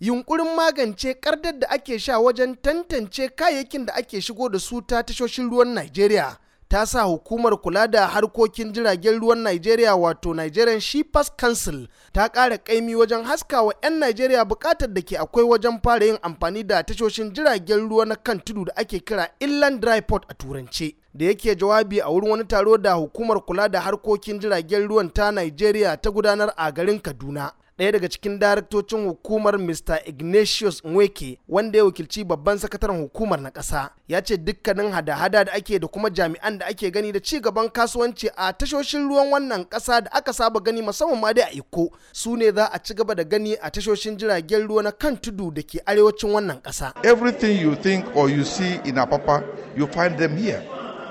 yunkurin magance kardar da ake sha wajen tantance kayayyakin da ake shigo da su ta tashoshin ruwan Najeriya ta sa hukumar kula da harkokin jiragen ruwan Najeriya wato Nigerian Shippers Council ta ƙara ƙaimi wajen haska wa 'yan Najeriya buƙatar da ke akwai wajen fara yin amfani da tashoshin jiragen ruwa na kan tudu da ake kira Inland Dry Port a turance. da yake jawabi a wurin wani taro da hukumar kula da harkokin jiragen ruwan ta Najeriya ta gudanar a garin Kaduna. ɗaya daga cikin daraktocin hukumar Mr. Ignatius Nweke wanda ya wakilci babban sakataren hukumar na ƙasa ya ce dukkanin hada-hada da ake da kuma jami'an da ake gani da ci gaban kasuwanci a tashoshin ruwan wannan ƙasa da aka saba gani musamman ma dai a Iko su ne za a ci gaba da gani a tashoshin jiragen ruwa na kan tudu da ke arewacin wannan ƙasa. Everything you think or you see in Apapa you find them here.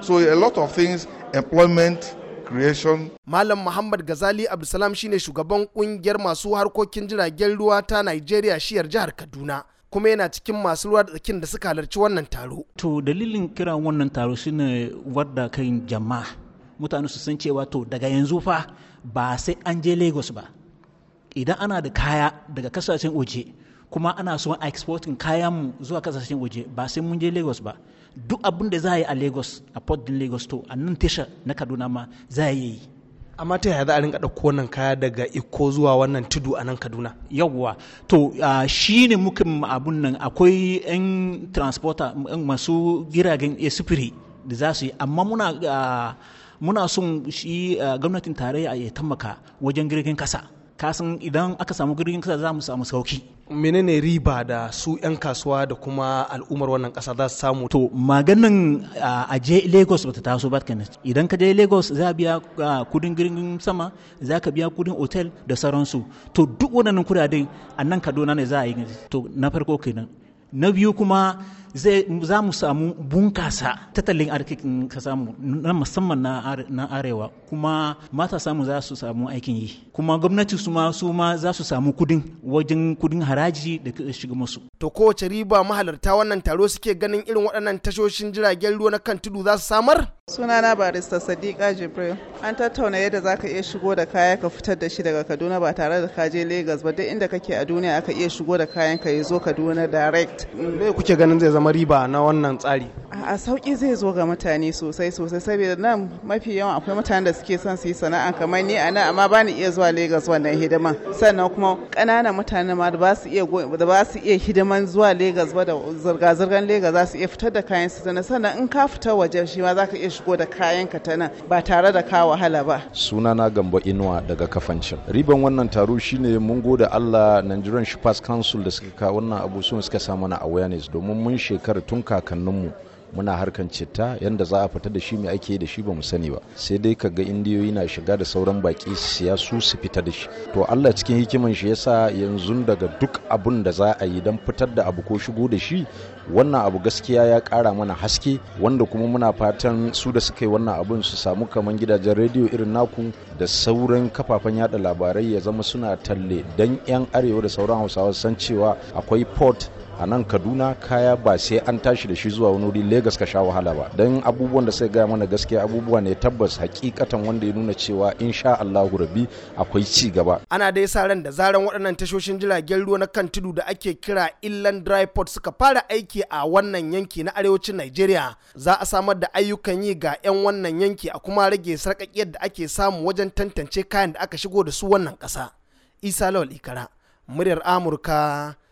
So a lot of things employment creation. Malam Muhammad Gazali Abdulsalam shine shugaban kungiyar masu harkokin jiragen ruwa ta Nigeria shiyar jihar Kaduna. kuma yana cikin masu ruwa da tsakin da suka halarci wannan taro. To dalilin kira wannan taro shine wadda kan jama'a mutane su san cewa to daga yanzu fa ba sai an je Lagos ba. Idan ana da kaya daga kasashen waje kuma ana so a exporting kayan mu zuwa kasashen waje ba sai mun je lagos ba duk abin da za a yi a lagos a port din lagos to a nan tasha na kaduna ma za yi amma ta yaya za a rinka ɗauko wannan kaya daga iko zuwa wannan tudu a nan kaduna yawwa to shi ne mu abun nan akwai 'yan transporter masu giragen sufuri da za su yi amma muna muna son shi gwamnatin tarayya ya tammaka wajen girgin kasa kasan idan aka samu girgin kasa za mu samu sauki menene riba da su 'yan kasuwa da kuma al'ummar wannan kasa za su samu to maganin a je lagos bata taso ba ta idan ka je lagos za biya kudin girgin sama za ka biya kudin otel da sauransu to duk waɗannan kudaden a nan kaduna ne za a yi to na farko kenan na biyu kuma za mu samu bunkasa tattalin arzikin ka samu na musamman na arewa kuma mata samu za su samu aikin yi kuma gwamnati su ma su ma za su samu kudin wajen kudin haraji da shiga musu to kowace riba mahalarta wannan taro suke ganin irin waɗannan tashoshin jiragen ruwa na kan tudu za su samar sunana barista sadiqa jibril an tattauna yadda za ka iya shigo da kaya ka fitar da shi daga kaduna ba tare da ka je lagos ba duk inda kake a duniya aka iya shigo da kayan ka ya zo kaduna direct me kuke ganin zai zama zama riba na wannan tsari a sauki zai zo ga mutane sosai sosai saboda nan mafi yawan akwai mutane da suke son su yi sana'a kamar ni a nan amma ba ni iya zuwa Legas wannan hidima sannan kuma ƙananan mutane ma da ba su iya da ba su iya hidiman zuwa Legas ba da zirga-zirgar Legas za su iya fitar da kayan su sannan sannan in ka fita waje shi ma za ka iya shigo da kayan ka ta nan ba tare da ka wahala ba. Sunana Gambo Inuwa daga Kafancin. Riban wannan taro shine mun gode Allah Nigerian Shippers Council da suka kawo wannan abu sun suka samu na awareness domin mun shekara tun kakanninmu muna harkan citta yadda za a fita da shi mai ake da shi ba mu sani ba sai dai ka ga indiyoyi na shiga da sauran baki siya su su fita da shi to Allah cikin hikiman shi yasa yanzu daga duk abun da za a yi don fitar da abu ko shigo da shi wannan abu gaskiya ya kara mana haske wanda kuma muna fatan su da suka yi wannan abun su samu kaman gidajen rediyo irin naku da sauran kafafen yada labarai ya zama suna talle don yan arewa da sauran hausawa san cewa akwai port a nan kaduna kaya ba sai an tashi da shi zuwa wani wuri lagos ka sha wahala ba don abubuwan da sai gaya mana gaskiya abubuwa ne tabbas hakikatan wanda ya nuna cewa insha allahu rabi akwai ci gaba ana dai sa ran da zaran waɗannan tashoshin jiragen ruwa na kan tudu da ake kira inland dry port suka fara aiki a wannan yanki na arewacin nigeria za a samar da ayyukan yi ga 'yan wannan yanki a kuma rage sarƙaƙiyar da ake samu wajen tantance kayan da aka shigo da su wannan ƙasa isa lawal ikara muryar amurka